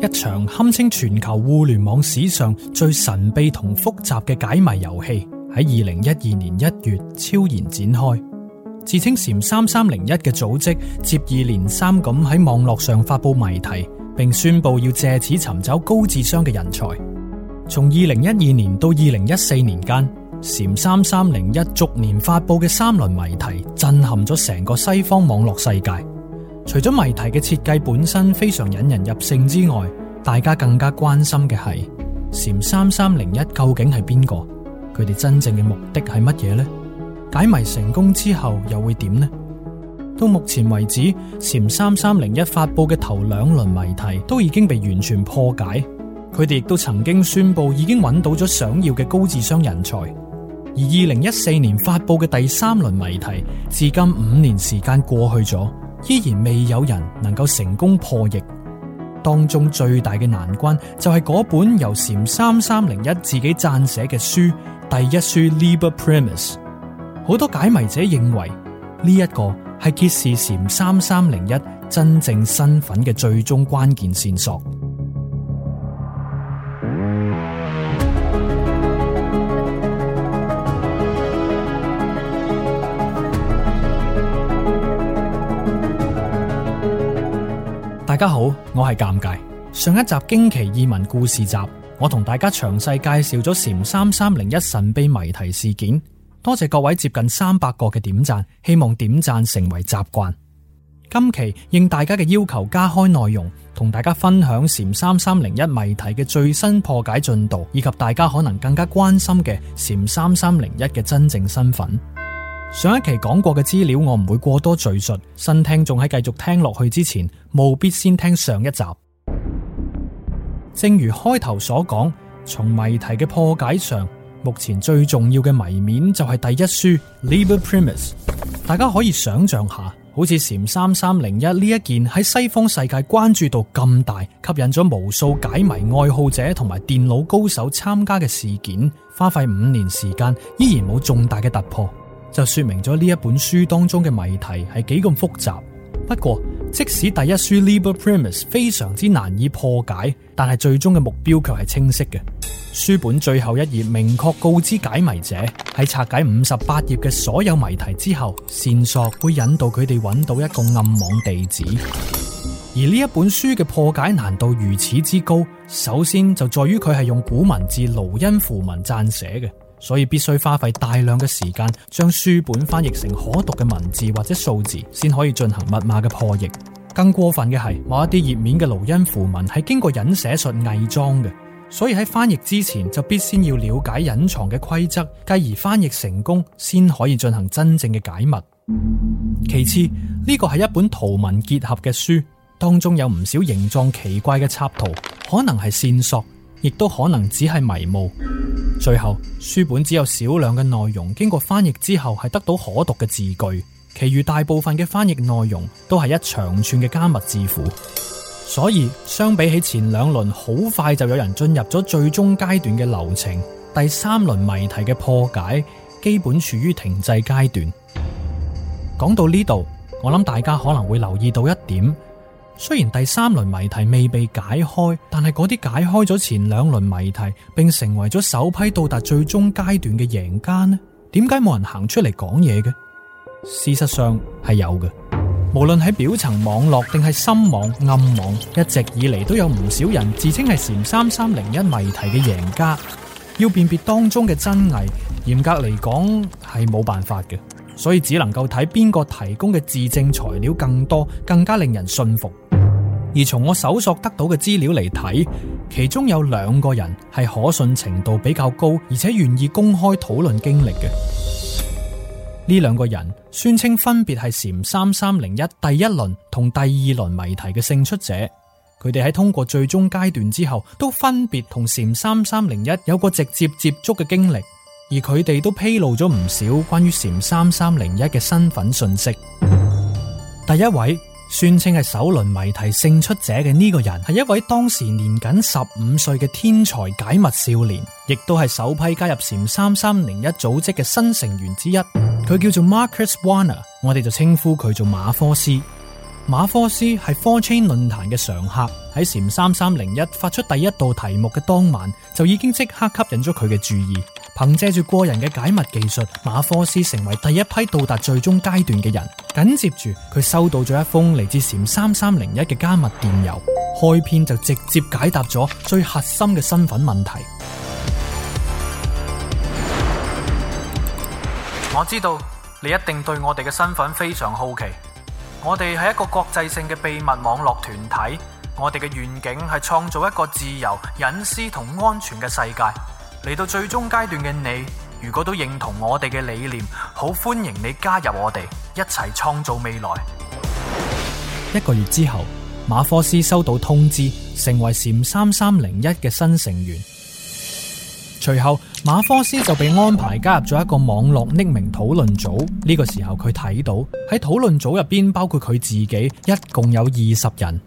一場堪稱全球互聯網史上最神秘同複雜嘅解謎遊戲，喺二零一二年一月悄然展開。自稱“蟬三三零一”嘅組織接二連三咁喺網絡上發布謎題，並宣布要借此尋找高智商嘅人才。從二零一二年到二零一四年間，蟬三三零一逐年發布嘅三輪謎題震撼咗成個西方網絡世界。除咗謎題嘅設計本身非常引人入勝之外，大家更加關心嘅係，蟬三三零一究竟係邊個？佢哋真正嘅目的係乜嘢呢？解謎成功之後又會點呢？到目前為止，蟬三三零一發佈嘅頭兩輪謎題都已經被完全破解，佢哋亦都曾經宣佈已經揾到咗想要嘅高智商人才。而二零一四年發佈嘅第三輪謎題，至今五年時間過去咗，依然未有人能夠成功破譯，當中最大嘅難關就係嗰本由禪三三零一自己撰寫嘅書《第一書 Liber Primus》。好多解謎者認為呢一個係揭示禪三三零一真正身份嘅最終關鍵線索。大家好，我係尷尬。上一集《驚奇異聞故事集》，我同大家詳細介紹咗《蟬三三零一神秘謎題事件》。多謝各位接近三百個嘅點讚，希望點讚成為習慣。今期應大家嘅要求，加開內容，同大家分享《蟬三三零一謎題》嘅最新破解進度，以及大家可能更加關心嘅《蟬三三零一》嘅真正身份。上一期講過嘅資料，我唔會過多敘述。新聽眾喺繼續聽落去之前，務必先聽上一集。 正如開頭所講，從謎題嘅破解上，目前最重要嘅謎面就係第一書《Liber Primus》。大家可以想象下，好似《蟬三三零一》呢一件喺西方世界關注度咁大，吸引咗無數解謎愛好者同埋電腦高手參加嘅事件，花費五年時間，依然冇重大嘅突破。就說明咗呢一本書當中嘅謎題係幾咁複雜。不過，即使第一書《Liber Primus》非常之難以破解，但係最終嘅目標卻係清晰嘅。書本最後一頁明確告知解謎者，喺拆解五十八頁嘅所有謎題之後，線索會引導佢哋揾到一個暗網地址。而呢一本書嘅破解難度如此之高，首先就在於佢係用古文字盧恩符文撰寫嘅。所以必須花費大量嘅時間，將書本翻譯成可讀嘅文字或者數字，先可以進行密碼嘅破譯。更過分嘅係，某一啲頁面嘅盧恩符文係經過隱寫術偽裝嘅，所以喺翻譯之前就必先要了解隱藏嘅規則，繼而翻譯成功先可以進行真正嘅解密。其次，呢個係一本圖文結合嘅書，當中有唔少形狀奇怪嘅插圖，可能係線索，亦都可能只係迷霧。最後，書本只有少量嘅內容經過翻譯之後係得到可讀嘅字句，其餘大部分嘅翻譯內容都係一長串嘅加密字符。所以相比起前兩輪，好快就有人進入咗最終階段嘅流程，第三輪謎題嘅破解基本處於停滯階段。講到呢度，我諗大家可能會留意到一點。雖然第三輪謎題未被解開，但係嗰啲解開咗前兩輪謎題，並成為咗首批到達最終階段嘅贏家呢？點解冇人行出嚟講嘢嘅？事實上係有嘅。無論喺表層網絡定係深網、暗網，一直以嚟都有唔少人自稱係《蟬三三零一謎題》嘅贏家。要辨別當中嘅真偽，嚴格嚟講係冇辦法嘅，所以只能夠睇邊個提供嘅自證材料更多，更加令人信服。而從我搜索得到嘅資料嚟睇，其中有兩個人係可信程度比較高，而且願意公開討論經歷嘅。呢兩個人宣稱分別係蟬三三零一第一輪同第二輪謎題嘅勝出者，佢哋喺通過最終階段之後，都分別同蟬三三零一有個直接接觸嘅經歷，而佢哋都披露咗唔少關於蟬三三零一嘅身份訊息。第一位。宣稱係首輪謎題勝出者嘅呢個人，係一位當時年僅十五歲嘅天才解密少年，亦都係首批加入蟬三三零一組織嘅新成員之一。佢叫做 Marcus Warner，我哋就稱呼佢做馬科斯。馬科斯係 4chan 論壇嘅常客，喺蟬三三零一發出第一道題目嘅當晚，就已經即刻吸引咗佢嘅注意。憑借住過人嘅解密技術，馬科斯成為第一批到達最終階段嘅人。緊接住，佢收到咗一封嚟自蟬三三零一嘅加密電郵，開篇就直接解答咗最核心嘅身份問題。我知道你一定對我哋嘅身份非常好奇，我哋係一個國際性嘅秘密網絡團體，我哋嘅願景係創造一個自由、隱私同安全嘅世界。嚟到最終階段嘅你，如果都認同我哋嘅理念，好歡迎你加入我哋，一齊創造未來。一個月之後，馬科斯收到通知，成為蟬三三零一嘅新成員。隨後，馬科斯就被安排加入咗一個網絡匿名討論組。呢個時候，佢睇到喺討論組入邊，包括佢自己，一共有二十人。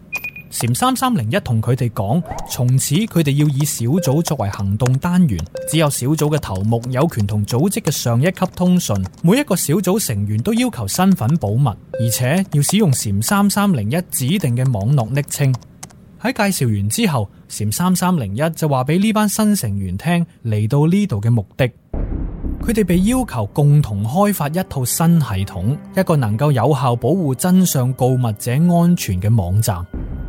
蟬三三零一同佢哋講，從此佢哋要以小組作為行動單元，只有小組嘅頭目有權同組織嘅上一級通訊。每一個小組成員都要求身份保密，而且要使用蟬三三零一指定嘅網絡昵稱。喺介紹完之後，蟬三三零一就話俾呢班新成員聽，嚟到呢度嘅目的。佢哋被要求共同開發一套新系統，一個能夠有效保護真相告密者安全嘅網站。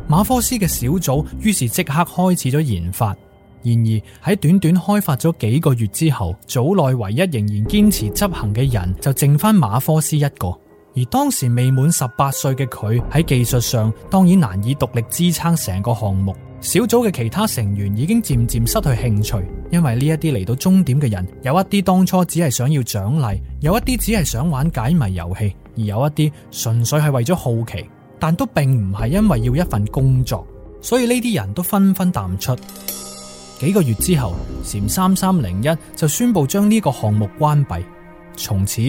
馬科斯嘅小組於是即刻開始咗研發。然而喺短短開發咗幾個月之後，組內唯一仍然堅持執行嘅人就剩返馬科斯一個。而當時未滿十八歲嘅佢喺技術上當然難以獨立支撐成個項目。小組嘅其他成員已經漸漸失去興趣，因為呢一啲嚟到終點嘅人，有一啲當初只係想要獎勵，有一啲只係想玩解謎遊戲，而有一啲純粹係為咗好奇。但都並唔係因為要一份工作，所以呢啲人都紛紛淡出。幾個月之後，蟬三三零一就宣佈將呢個項目關閉，從此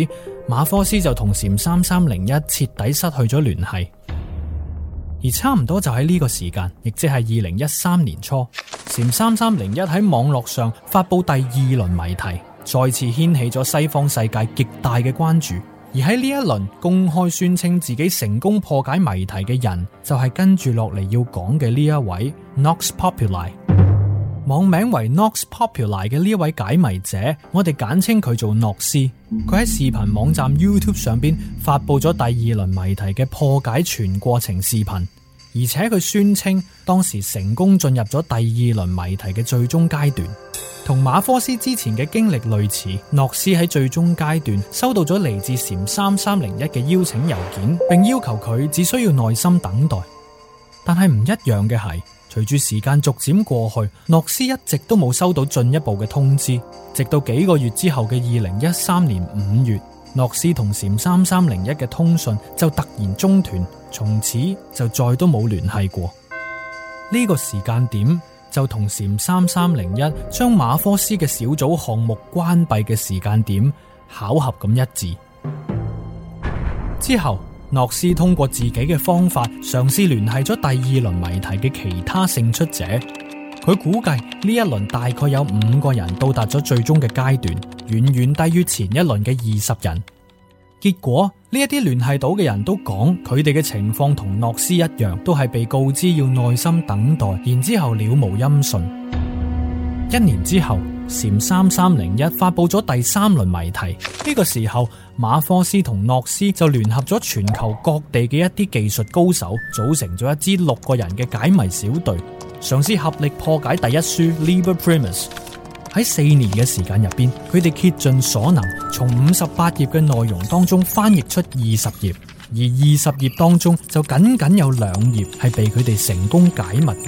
馬科斯就同蟬三三零一徹底失去咗聯繫。而差唔多就喺呢個時間，亦即係二零一三年初，蟬三三零一喺網絡上發布第二輪謎題，再次掀起咗西方世界極大嘅關注。而喺呢一輪公開宣稱自己成功破解謎題嘅人，就係跟住落嚟要講嘅呢一位 Nox Populi。網名為 Nox Populi 嘅呢位解謎者，我哋簡稱佢做諾斯。佢喺視頻網站 YouTube 上邊發布咗第二輪謎題嘅破解全過程視頻，而且佢宣稱當時成功進入咗第二輪謎題嘅最終階段。同馬科斯之前嘅經歷類似，諾斯喺最終階段收到咗嚟自蟬三三零一嘅邀請郵件，並要求佢只需要耐心等待。但係唔一樣嘅係，隨住時間逐漸過去，諾斯一直都冇收到進一步嘅通知，直到幾個月之後嘅二零一三年五月，諾斯同蟬三三零一嘅通訊就突然中斷，從此就再都冇聯繫過。呢個時間點，就同禪三三零一將馬科斯嘅小組項目關閉嘅時間點巧合咁一致。之後，諾斯通過自己嘅方法嘗試聯繫咗第二輪謎題嘅其他勝出者。佢估計呢一輪大概有五個人到達咗最終嘅階段，遠遠低於前一輪嘅二十人。結果呢一啲聯繫到嘅人都講，佢哋嘅情況同諾斯一樣，都係被告知要耐心等待，然之後了無音訊。一年之後，蟬三三零一發布咗第三輪謎題。呢個時候，馬科斯同諾斯就聯合咗全球各地嘅一啲技術高手，組成咗一支六個人嘅解謎小隊，嘗試合力破解第一書《Liber Primus》。喺四年嘅時間入邊，佢哋竭盡所能，從五十八頁嘅內容當中翻譯出二十頁，而二十頁當中就僅僅有兩頁係被佢哋成功解密嘅。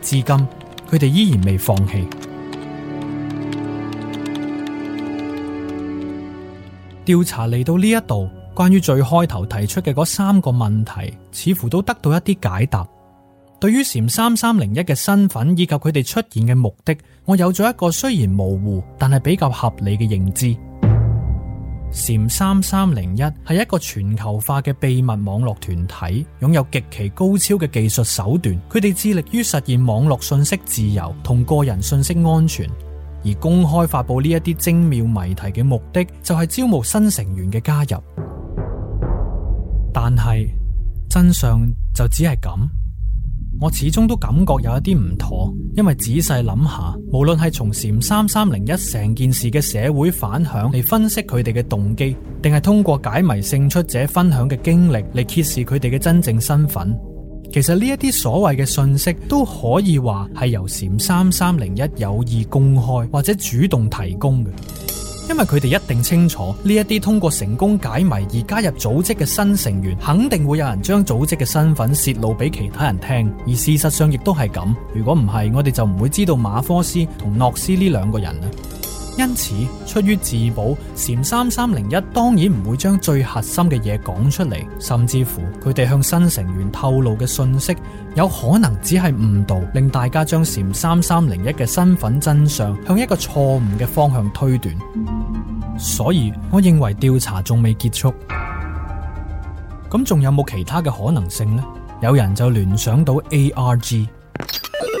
至今，佢哋依然未放棄調查。嚟到呢一度，關於最開頭提出嘅嗰三個問題，似乎都得到一啲解答。對於蟬三三零一嘅身份以及佢哋出現嘅目的，我有咗一個雖然模糊但係比較合理嘅認知。蟬三三零一係一個全球化嘅秘密網絡團體，擁有極其高超嘅技術手段。佢哋致力於實現網絡信息自由同個人信息安全。而公開發布呢一啲精妙謎題嘅目的，就係、是、招募新成員嘅加入。但係真相就只係咁。我始終都感覺有一啲唔妥，因為仔細諗下，無論係從蟬三三零一成件事嘅社會反響嚟分析佢哋嘅動機，定係通過解謎勝出者分享嘅經歷嚟揭示佢哋嘅真正身份，其實呢一啲所謂嘅信息都可以話係由蟬三三零一有意公開或者主動提供嘅。因為佢哋一定清楚，呢一啲通過成功解謎而加入組織嘅新成員，肯定會有人將組織嘅身份泄露俾其他人聽，而事實上亦都係咁。如果唔係，我哋就唔會知道馬科斯同諾斯呢兩個人啦。因此，出於自保，蟬三三零一當然唔會將最核心嘅嘢講出嚟，甚至乎佢哋向新成員透露嘅信息，有可能只係誤導，令大家將蟬三三零一嘅身份真相向一個錯誤嘅方向推斷。所以，我認為調查仲未結束。咁仲有冇其他嘅可能性呢？有人就聯想到 ARG。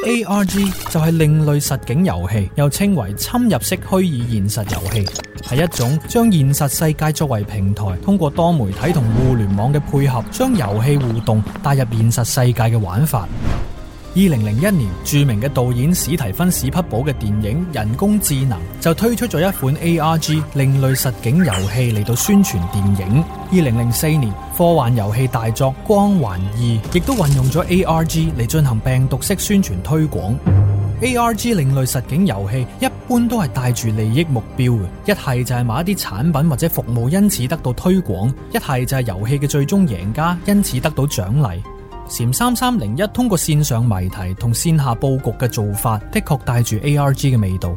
A R G 就係另類實景遊戲，又稱為侵入式虛擬現實遊戲，係一種將現實世界作為平台，通過多媒體同互聯網嘅配合，將遊戲互動帶入現實世界嘅玩法。二零零一年，著名嘅導演史提芬史匹堡嘅電影《人工智能》就推出咗一款 ARG 另類實景遊戲嚟到宣傳電影。二零零四年，科幻遊戲大作《光環二》亦都運用咗 ARG 嚟進行病毒式宣傳推廣。ARG 另類實景遊戲一般都係帶住利益目標嘅，一係就係某一啲產品或者服務，因此得到推廣；一係就係遊戲嘅最終贏家，因此得到獎勵。《蟬三三零一》通過綫上謎題同綫下布局嘅做法，的確帶住 ARG 嘅味道。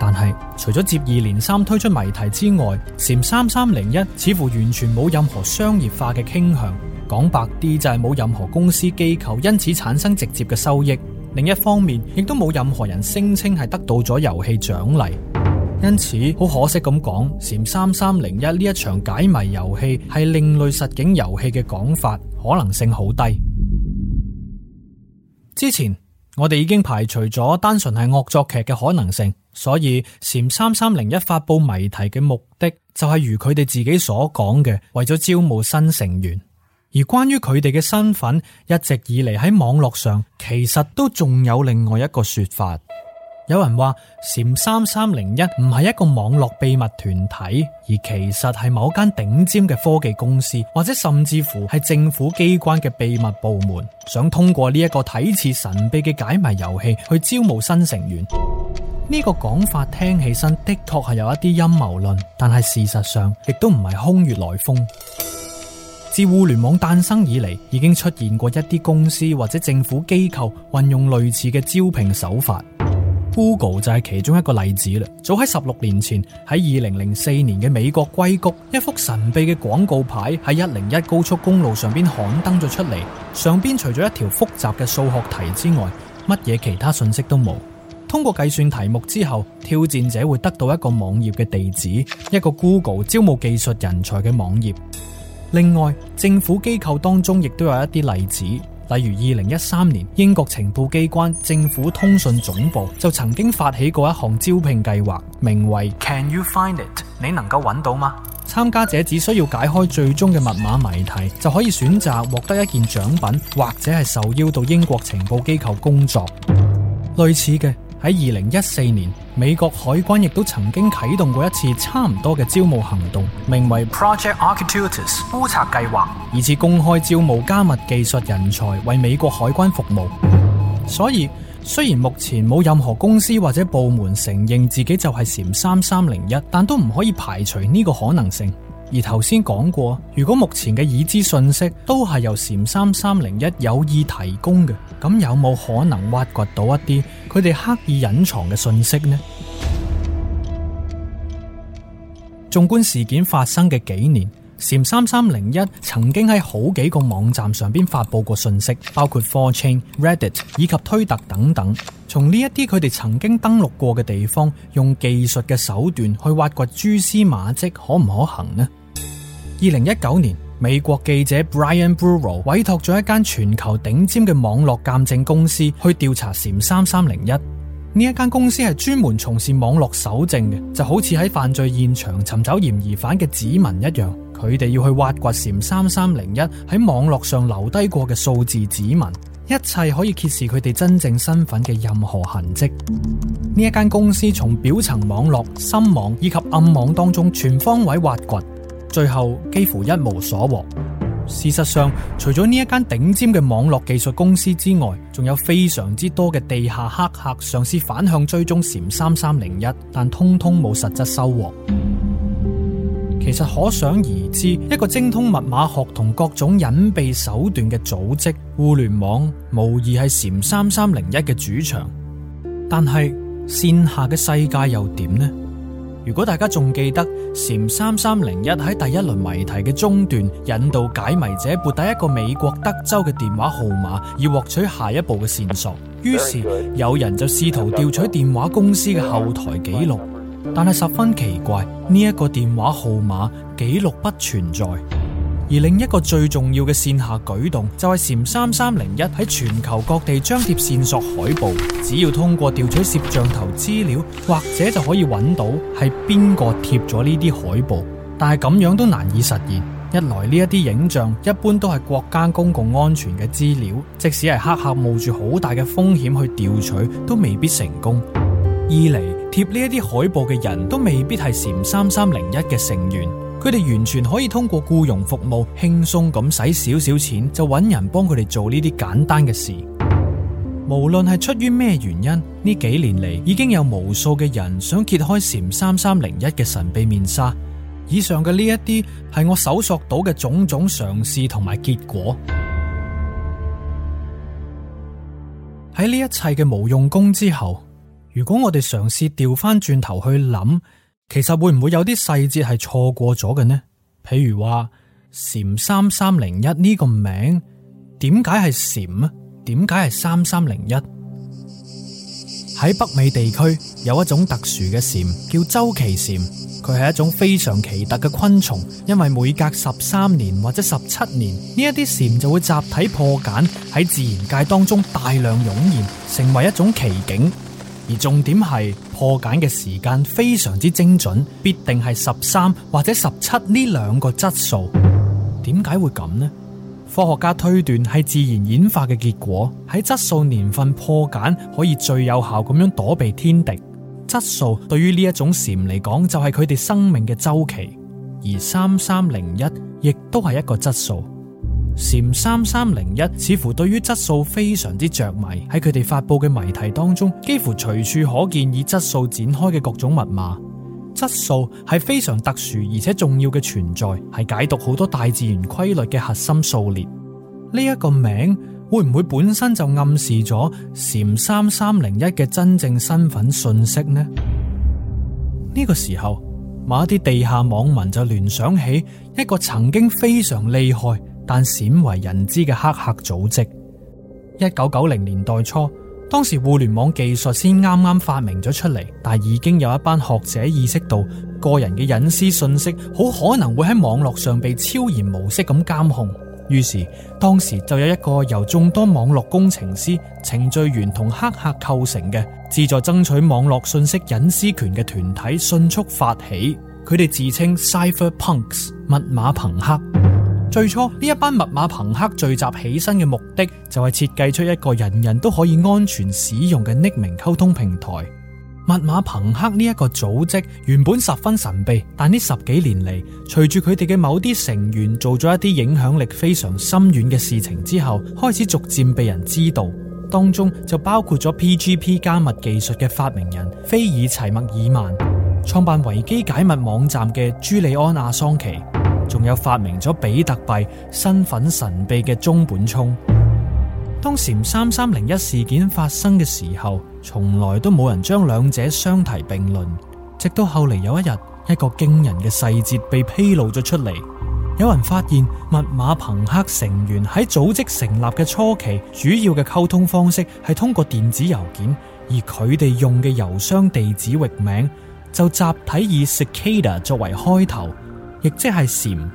但係，除咗接二連三推出謎題之外，《蟬三三零一》似乎完全冇任何商業化嘅傾向。講白啲，就係冇任何公司機構因此產生直接嘅收益。另一方面，亦都冇任何人聲稱係得到咗遊戲獎勵。因此，好可惜咁講，蟬三三零一呢一場解謎遊戲係另類實境遊戲嘅講法，可能性好低。之前我哋已經排除咗單純係惡作劇嘅可能性，所以蟬三三零一發佈謎題嘅目的就係如佢哋自己所講嘅，為咗招募新成員。而關於佢哋嘅身份，一直以嚟喺網絡上其實都仲有另外一個說法。有人話，蟬三三零一唔係一個網絡秘密團體，而其實係某間頂尖嘅科技公司，或者甚至乎係政府機關嘅秘密部門，想通過呢一個睇似神秘嘅解密遊戲去招募新成員。呢、這個講法聽起身的確係有一啲陰謀論，但係事實上亦都唔係空穴來風。自互聯網誕生以嚟，已經出現過一啲公司或者政府機構運用類似嘅招聘手法。Google 就係其中一個例子啦。早喺十六年前，喺二零零四年嘅美國硅谷，一幅神秘嘅廣告牌喺一零一高速公路上邊刊登咗出嚟，上邊除咗一條複雜嘅數學題之外，乜嘢其他信息都冇。通過計算題目之後，挑戰者會得到一個網頁嘅地址，一個 Google 招募技術人才嘅網頁。另外，政府機構當中亦都有一啲例子。例如二零一三年，英國情報機關政府通訊總部就曾經發起過一項招聘計劃，名為 Can you find it？你能夠揾到嗎？參加者只需要解開最終嘅密碼謎題，就可以選擇獲得一件獎品，或者係受邀到英國情報機構工作。類似嘅。喺二零一四年，美國海軍亦都曾經啟動過一次差唔多嘅招募行動，名為 Project Architettus，搜查計劃，計劃以至公開招募加密技術人才為美國海軍服務。所以，雖然目前冇任何公司或者部門承認自己就係蟬三三零一，但都唔可以排除呢個可能性。而頭先講過，如果目前嘅已知信息都係由蟬三三零一有意提供嘅，咁有冇可能挖掘到一啲佢哋刻意隱藏嘅信息呢？縱觀事件發生嘅幾年，蟬三三零一曾經喺好幾個網站上邊發布過信息，包括 4chan、Reddit 以及推特等等。從呢一啲佢哋曾經登錄過嘅地方，用技術嘅手段去挖掘蛛絲馬跡，可唔可行呢？二零一九年，美國記者 Brian Burrow 委託咗一間全球頂尖嘅網絡鑑證公司去調查“蟬三三零一”。呢一間公司係專門從事網絡搜證嘅，就好似喺犯罪現場尋找嫌疑犯嘅指紋一樣。佢哋要去挖掘“蟬三三零一”喺網絡上留低過嘅數字指紋，一切可以揭示佢哋真正身份嘅任何痕迹。呢一間公司從表層網絡、深網以及暗網當中全方位挖掘。最後幾乎一無所獲。事實上，除咗呢一間頂尖嘅網絡技術公司之外，仲有非常之多嘅地下黑客嘗試反向追蹤蟬三三零一，但通通冇實質收穫。其實可想而知，一個精通密碼學同各種隱秘手段嘅組織，互聯網無疑係蟬三三零一嘅主場。但係線下嘅世界又點呢？如果大家仲記得，蟬3301喺第一輪謎題嘅中段，引導解謎者撥打一個美國德州嘅電話號碼，而獲取下一步嘅線索。於是有人就試圖調取電話公司嘅後台記錄，但係十分奇怪，呢一個電話號碼記錄不存在。而另一個最重要嘅線下舉動，就係蟬三三零一喺全球各地張貼線索海報，只要通過調取攝像頭資料，或者就可以揾到係邊個貼咗呢啲海報。但係咁樣都難以實現，一來呢一啲影像一般都係國家公共安全嘅資料，即使係黑客冒住好大嘅風險去調取，都未必成功；二嚟貼呢一啲海報嘅人都未必係蟬三三零一嘅成員。佢哋完全可以通過僱傭服務輕鬆咁使少少錢，就搵人幫佢哋做呢啲簡單嘅事。無論係出於咩原因，呢幾年嚟，已經有無數嘅人想揭開蟬三三零一嘅神秘面紗。以上嘅呢一啲係我搜索到嘅種種嘗試同埋結果。喺呢一切嘅無用功之後，如果我哋嘗試調翻轉頭去諗。其實會唔會有啲細節係錯過咗嘅呢？譬如話蟬三三零一呢個名，點解係蟬呢？點解係三三零一？喺北美地區有一種特殊嘅蟬，叫周期蟬。佢係一種非常奇特嘅昆蟲，因為每隔十三年或者十七年，呢一啲蟬就會集體破繭，喺自然界當中大量湧現，成為一種奇景。而重點係破繭嘅時間非常之精準，必定係十三或者十七呢兩個質數。點解會咁呢？科學家推斷係自然演化嘅結果，喺質數年份破繭可以最有效咁樣躲避天敵。質數對於呢一種蟬嚟講，就係佢哋生命嘅周期。而三三零一亦都係一個質數。蟬三三零一似乎對於質數非常之着迷，喺佢哋發佈嘅謎題當中，幾乎隨處可見以質數展開嘅各種密碼。質數係非常特殊而且重要嘅存在，係解讀好多大自然規律嘅核心數列。呢一個名會唔會本身就暗示咗蟬三三零一嘅真正身份信息呢？呢個時候，某一啲地下網民就聯想起一個曾經非常厲害。但鮮為人知嘅黑客組織，一九九零年代初，當時互聯網技術先啱啱發明咗出嚟，但已經有一班學者意識到個人嘅隱私信息好可能會喺網絡上被悄然無息咁監控。於是當時就有一個由眾多網絡工程師、程序員同黑客構成嘅，旨在爭取網絡信息隱私權嘅團體迅速發起，佢哋自稱 Cypher Punks（ 密碼朋克）。最初呢一班密碼朋克聚集起身嘅目的，就係設計出一個人人都可以安全使用嘅匿名溝通平台。密碼朋克呢一個組織原本十分神秘，但呢十幾年嚟，隨住佢哋嘅某啲成員做咗一啲影響力非常深遠嘅事情之後，開始逐漸被人知道。當中就包括咗 PGP 加密技術嘅發明人菲爾齊默爾曼，創辦維基解密網站嘅朱利安阿桑奇。仲有發明咗比特幣、身份神秘嘅中本聰。當蟬三三零一事件發生嘅時候，從來都冇人將兩者相提並論。直到後嚟有一日，一個驚人嘅細節被披露咗出嚟，有人發現密碼朋克成員喺組織成立嘅初期，主要嘅溝通方式係通過電子郵件，而佢哋用嘅郵箱地址域名就集體以 Cicada 作為開頭。亦即係蟬呢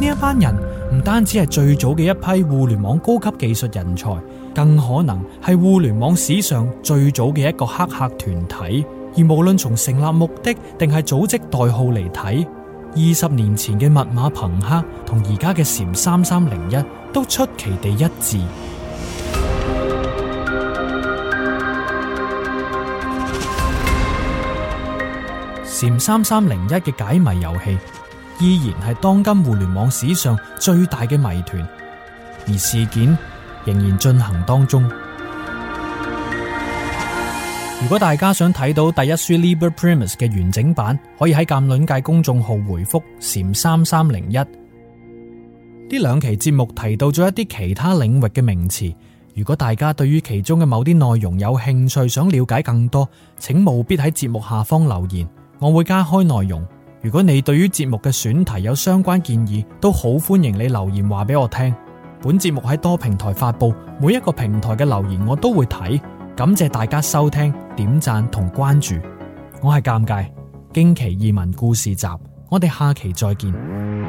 一班人唔單止係最早嘅一批互聯網高級技術人才，更可能係互聯網史上最早嘅一個黑客團體。而無論從成立目的定係組織代號嚟睇，二十年前嘅密碼朋克同而家嘅蟬3301都出奇地一致。《蟬三三零一》嘅解謎遊戲依然係當今互聯網史上最大嘅謎團，而事件仍然進行當中。 如果大家想睇到第一書《Liber Primus》嘅完整版，可以喺《鑑論界》公眾號回覆“蟬三三零一”。呢兩期節目提到咗一啲其他領域嘅名詞，如果大家對於其中嘅某啲內容有興趣，想了解更多，請務必喺節目下方留言。我會加開內容。如果你對於節目嘅選題有相關建議，都好歡迎你留言話俾我聽。本節目喺多平台發布，每一個平台嘅留言我都會睇。感謝大家收聽、點讚同關注。我係尷尬，驚奇異聞故事集，我哋下期再見。